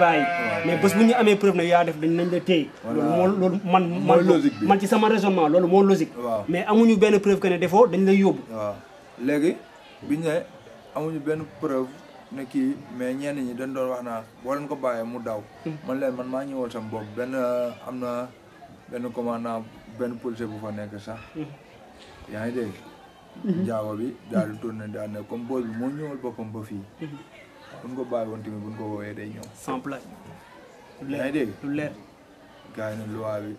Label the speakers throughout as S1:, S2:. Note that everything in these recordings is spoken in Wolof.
S1: bàyyi mais bés bu ñu amee preuve ne yaa def dañ nañ la téye loolu moo loolu man man man ci sama raisonnement loolu moo logique mais amuñu benn preuve que ne defoo dañ lay yóbbu
S2: waaw léegi biñ ne amuñu benn preuve ne kii mais ñenn ñi dañ doon wax naa boo leen ko bàyyee mu daw hmm. man leen man maa ñëwal sam bopp benn am na benn commandant benn policier bu fa nekk sax hmm. yaa ngi dégg hmm. jaawa bi daal di tourné daal ne comme bool bi moo ñëwal boppam ba fii buñ ko bàyyi woon bu buñ ko woowee day ñëw. sans plainte. lu leer yaa ngi dégg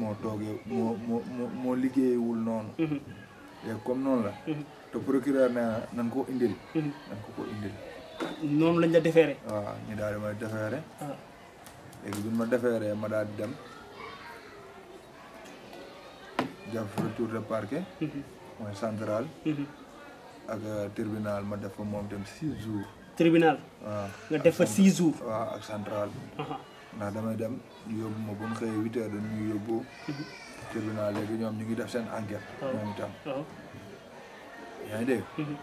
S2: moo toogee moo moo moo liggéeyewul noonu. Mhm. léegi comme noonu la. Mhm. te procureur nee na nan ko indil. Mhm. ko ko indil. noonu lañ la defeere waaw ñu daal di ma defeere ah. léegi bi ma defeeree ma daal di dem def retour de parquet. mooy central. ak tribunal ma def fa moom tam six jours. tribunal. waaw ah, nga def fa six jours. waaw ah, ak central. ndax damay dem yóbbu ma bu ñu xëyee huit heures dañuy yóbbu. tribunal léegi ñoom ñu ngi def seen enquête. Oh. ñoom itam. Oh. yaa ngi dégg. Mhm.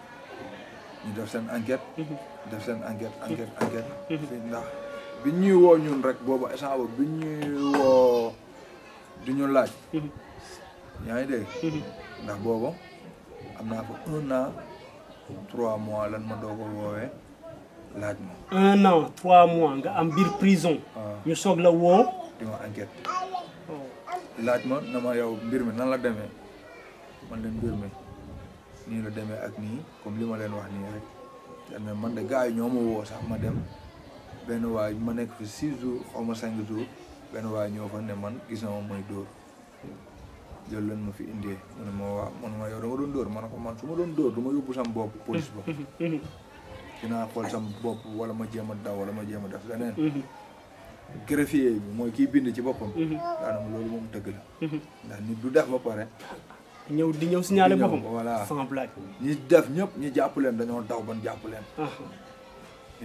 S2: ñu def seen enquête. Mhm. def seen enquête enquête mhm. enquête. ndax bi ñuy woo ñun rek boobu instant boobu ñuy woo du laaj. yaa ngi ndax boobu am naa un an. trois mois lan ma doo ko woowee laaj ma. un an trois
S1: mois nga am biir prison. Ah. ñu soog la woo.
S2: di ma enquête. laaj ma na ma yow mbir mi nan la demee man leen mbir mi nii la demee ak nii comme li ma leen wax nii rek. te man de gars yi ñoo ma woo sax ma dem benn waay ma nekk fi six jours xaw ma cinq jours benn waay ñoo fa ne man gis mooy dóor. jollen mo fi inde mo wa mon ma yow dama doon dóor ma ne ko man su ma doon dóor du ma sam bopp police ba dinaa xool sam bopp wala ma jéem a daw wala ma jéem a def leneen greffier bi mooy kii bind ci boppam daanam loolu moom dëgg la ndax nit du def ba pare
S1: di ñëw sinyale boppam voilà sans
S2: blague ni def ñëpp ñi jàpp leen dañoo daw ban jàpp leen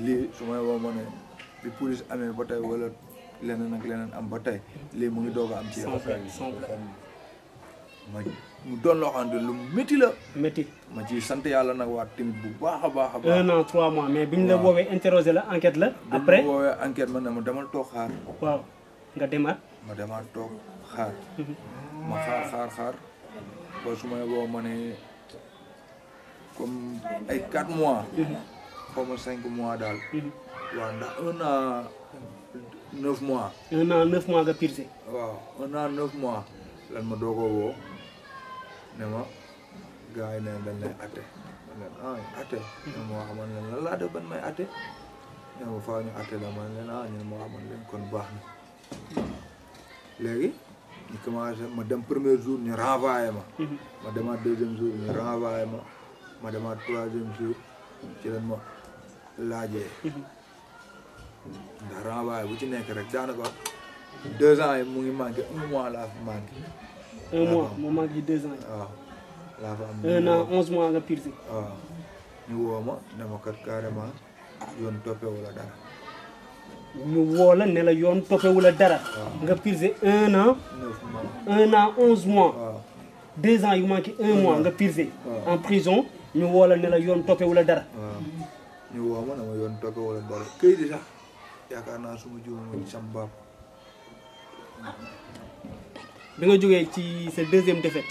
S2: lii su ne bi police amee ba wala leneen ak leneen am ba li mu ngi doog am ci sans blague ma mu doon loo xamante lu métti la métti ma ci sant yàlla nag waat tamit bu baax a baax a baax un
S1: an trois mois mais bi mu la woowee interrogé la
S2: enquête la après woowee enquête ma ne ma demal toog xaar waaw nga demaat ma demaat toog xaar ma xaar xaar xaar ba su may woo comme
S1: ay quatre mois
S2: xaw mhm. ma mois daal mhm. waaw ndax un an neuf mois un an neuf mois nga pirse waaw un an neuf mois lan ma doogoo woo ne ma gars yi ne dañ lay atte ma leen ah atte ñun ma wax man leen lan laa def ban may atte ne ma faa ñu atte la man leen ah ñun ma wax man leen kon baax na léegi ñu commencé ma dem premier jour ñu renvoyé ma mhm. ma demaat deuxième jour ñu renvoyé ma ma demaat troisième jour ci leen ma laajee mhm. ndax renvoyé bu ci nekk rek daanaka deux ans yi mu ngi manqué un mois laa fi manqué un mois
S1: il manque deux ans un an
S2: onze mois à pirsi nous ñu ma ne carrément yoon dara.
S1: nous la ne la dara. nga un an. un an onze mois. deux ans il manque un mois ah. nga ah. en prison nous la ne la yoon un dara.
S2: Ah. ma ne la a un un
S1: bi nga jógee ci sa deuxième défaite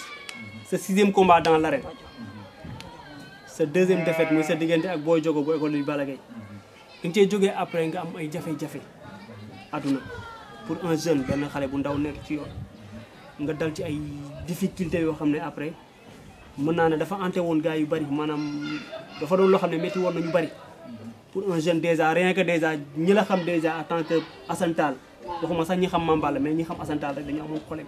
S1: sa sixième combat dans l'arène sa deuxième défaite muy c'est diggante ak Boy Diogo boy école bi balagay Gaye bi nga cee jógee après nga am ay jafe-jafe àdduna pour un jeune benn xale bu ndaw nekk ci yoon nga dal ci ay difficultés yoo xam après mën naa ne dafa ante woon gars yu bari maanaam dafa doon loo xam ne métti woon nañu bari pour un jeune déjà rien que déjà ñi la xam déjà en tant que Assane Tall waxuma sax ñi xam mambal mais ñi xam Assane Tall rek dañu amoon problème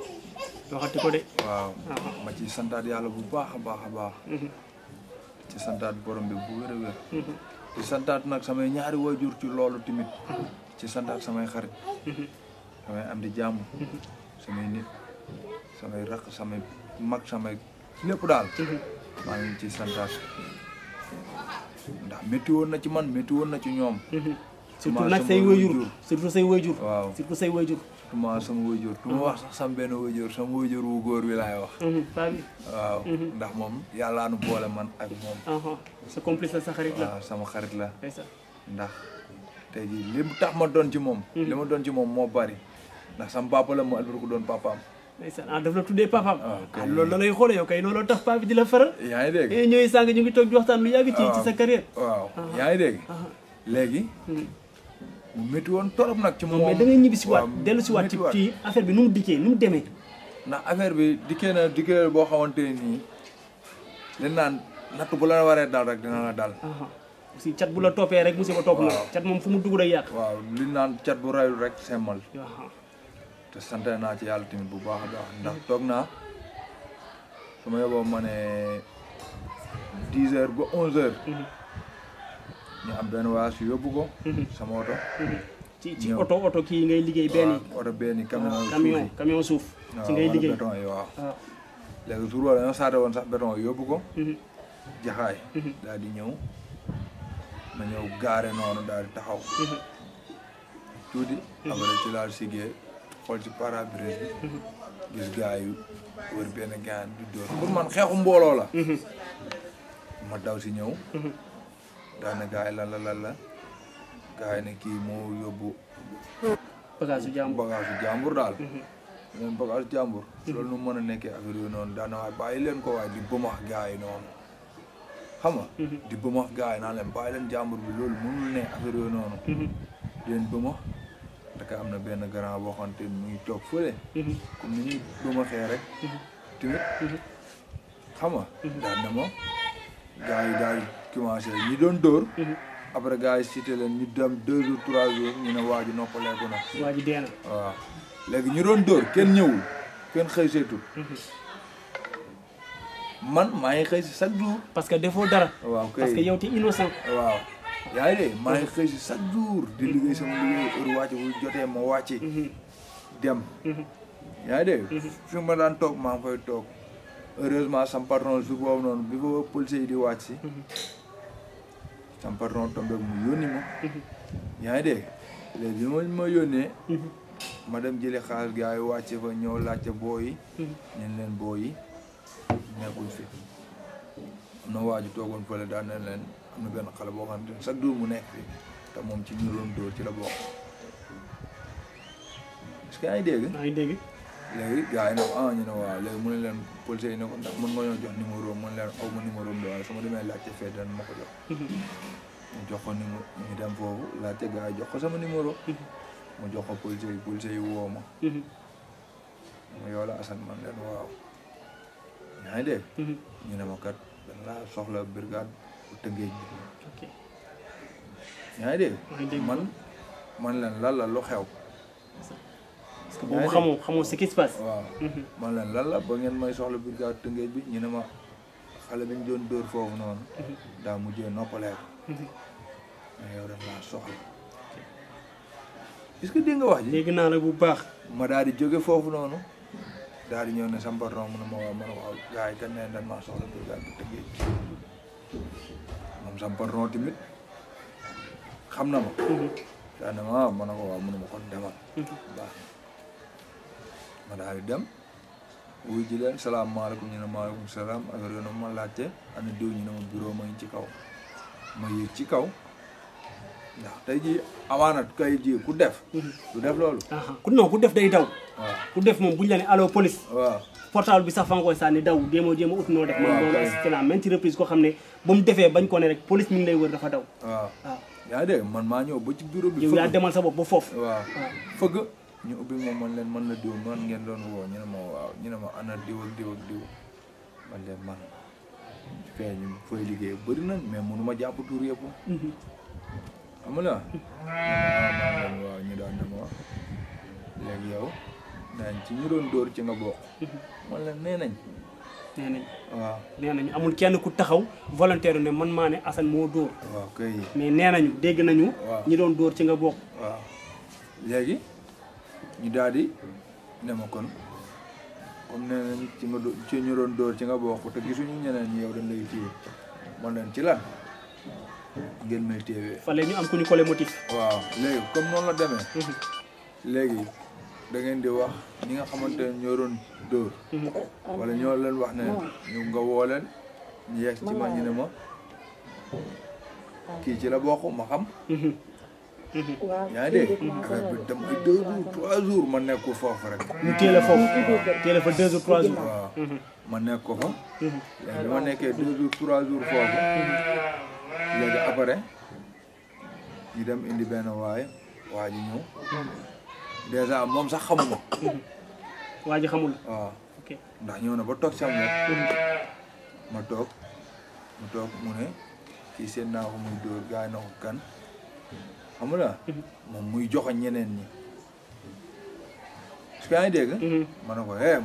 S2: waxati ko de waaw ma ci santaat yàlla bu baax a baax ci santaat borom bi bu ci samay ñaari wajur ci loolu timit ci santaat samay xarit samay am di jàmm samay nit samay rakk samay mag samay lépp daal maa ngi ci santaat ndax métti woon na ci man na ci surtout say wajur surtout say wajur surtout say wajur ma hmm. hmm, hmm. ya ah, ah. ah, sama wajur du ma wax sax sama benn wajur sama wajur wu góor mom laay wax nu man sama xarit lah ndax tey jii li tax ma doon ci moom li ma doon ci bari ndax sama papa la ma albir ko doon papaam
S1: ndeysaan ah daf la di la ya yaa ngi dégg ñooy sàng ñu ngi toog lu
S2: yàgg mu métti torop nag ci moom mais da ngay ñibbi si waat dellu si waat ci ci affaire bi nu mu dikkee nu mu demee ndax affaire bi dikkee na dikkee boo xamante nii dañ naan natt bu la waree dal rek dina daal dal aussi cat bu la toppee rek musiba topp la cat moom fu mu dugg day yàq waaw li naan cat bu rayul rek semmal te sant naa ci yàlla tamit bu baax a baax ndax toog naa su ma ma ne dix heures ba onze heures mhm. ñu am benn waas yóbbu ko mhm. sama oto ci ci oto oto kii ngay liggéey benn ah, oto benn camion ah, camion camion suuf ci ah, ngay liggéey béton yi waaw léegi jour wala ñoo saate woon sax béton yóbbu ko mhm. jaxaay mhm. daal di ñëw ma ñëw gaare noonu daal di taxaw tuuti après ci laal siggee xool ci parabrise bi gis gaa yu wër benn gaan di dóor pour man xeexu mbooloo la ma daw si ñëw daane gars yi la la la la kii mu yóbbu. bagage su jàmbur daal. même bagage jàmbur. loolu nu mën a nekke affaire yooyu noonu daan na waay leen ko waaye di bëmax gars yi noonu xam nga. Mhm. di bëmax gars yi leen jàmbur bi loolu mënul ne affaire yooyu noonu. Mhm. bëmax daka am na benn grand boo xamante mu ngi toog fële. Mhm. comme ni ñuy bëmaxee rek. tamit xam nga daan na ma. gars yi daal commencé ñi doon dóor. Mhm. après gars yi cité leen ñu dem deux jours trois jours ñu ne waa ji noppaleeku na. waaw. léegi ñu doon dóor kenn ñëwul kenn xëy seetul. Mhm. man maa ngi xëy si chaque jour. parce que defoo dara. waaw kay parce que yow ti innocent. waaw yaa ngi maa mhm. xëy si chaque jour. di liggéey sama liggéey heure wàcc bu jotee ma wàcc. dem. yaa ngi fi ma daan toog maa ngi toog. heureusement sama patron boobu noonu bi ko policier yi di wàcc si sama patron mu yónni ma yaa ngi dégg léegi ma yónnee ma dem jëli xaalis gars yi wàcce fa ñëw laajte boo yi ñeen leen boo yi nekkuñ fi am na waa ji toogoon fële daan ne leen am na benn xale boo xam sa chaque mu nekk te moom ci ñu doon dóor ci la bokk est-ce que yaa dégg léegi gars yi ne ah, waaw léegi mu ne leen policier yi ne ko ndax nga ñoo jox numéro man ne leen aw ma numéro am de waaye su ma demee laajte fee dana ma ko jox mm-hmm. mu jox ko numéro ñu dem foofu laajte gars jox ko sama numéro mm-hmm. mu jox ko policier yi policier yi woo ma mm-hmm. mu yow la Assane man leen ngi dégg ñu ne ma kat dañ laa soxla brigade bu tëngeej bi yaa man man leen lan la lu xew
S1: parce que boobu xamoo xamoo
S2: ce qui se waaw mm-hmm. man leen lan la ba ngeen may soxla brigade Tëngéej bi ñu ne ma xale bi ñu doon dóor foofu noonu. Mm-hmm. daa mujjee noppalee mm-hmm. nga wax bu baax. ma daal di jóge foofu noonu. daal di ñëw ne sama patron mu ma waa ma ne waaw gars yi dañ ne dañ maa soxla brigade bi Tëngéej moom sama xam na ma. daal ne ma ah ma ko waaw mu ne ma kon demal. ma daal di dem wuy ji leen salaamaaleykum maaleykum salaam affaire yooyu ma laajte ana diw ñu ne ma bureau ngi ci kaw ma yéeg ci kaw ndax tey jii amaana kay ji ku def du def loolu ah, ah.
S1: ku non ku def day daw waaw ku def moom buñu la ne allo police waaw portable bi sax fa nga koy daw jéemoo jéemoo ut noo def man loolu assisté naa même ci reprise koo xam ne ba mu defee bañ ko rek police mi ngi lay wër dafa daw waaw waaw ah.
S2: yaa dégg man maa ñëw ba ci bureau bi yow yaa demal sa bopp ba foofu ñu ubbi moom man leen mën na diw noonu ngeen doon woo ñu ne ma waaw ñu ne ma ana diw ak diw man leen man fee ñu fooy liggéey bëri nañ mais mënu ma jàpp tur yëpp xam nga ñu daan ne ci ñu doon dóor ci nga bokk nee nañ nee nañ
S1: waaw nee nañ amul kenn ku taxaw volontaire ne man maa ne Assane moo dóor waaw kay mais nee nañu dégg nañu ñi doon dóor ci nga bokk
S2: léegi ñu daal di ne ma kon kon nee nañ ci nga ci ñu doon dóor ci nga bokk te gisuñu ñeneen ñi yow dañ lay téye man leen ci lan ngeen may fa fale ñu am ku ñu collé motif. waaw léegi comme noonu la demee. Mhm. léegi da ngeen di wax ñi nga xamante ne ñoo doon dóor. Mhm. wala ñoo leen wax ne ñu nga woo leen ñu yegg ci ma ñu ne ma kii ci la bokk ma xam. Mhm. yaa ngi dégg affaire bi dem ay deux jours trois jours ma nekk ko foofu rek ñu téye la foofu téye la fa deux jours trois jours waaw ma nekk ko fa léegi ma nekkee deux jours trois jours foofu léegi après ñu dem indi benn waay waa ji ñëw dèjà moom sax xamuma waa ji xamul waaw ndax ñëw na ba toog sam ma toog mu toog mu ne kii seen naa ko muy dóor gaay na ko kan xam nga mhm. moom muy joxoñ ñeneen ñi. su ko yaa ngi dégg. Mhm. ko eh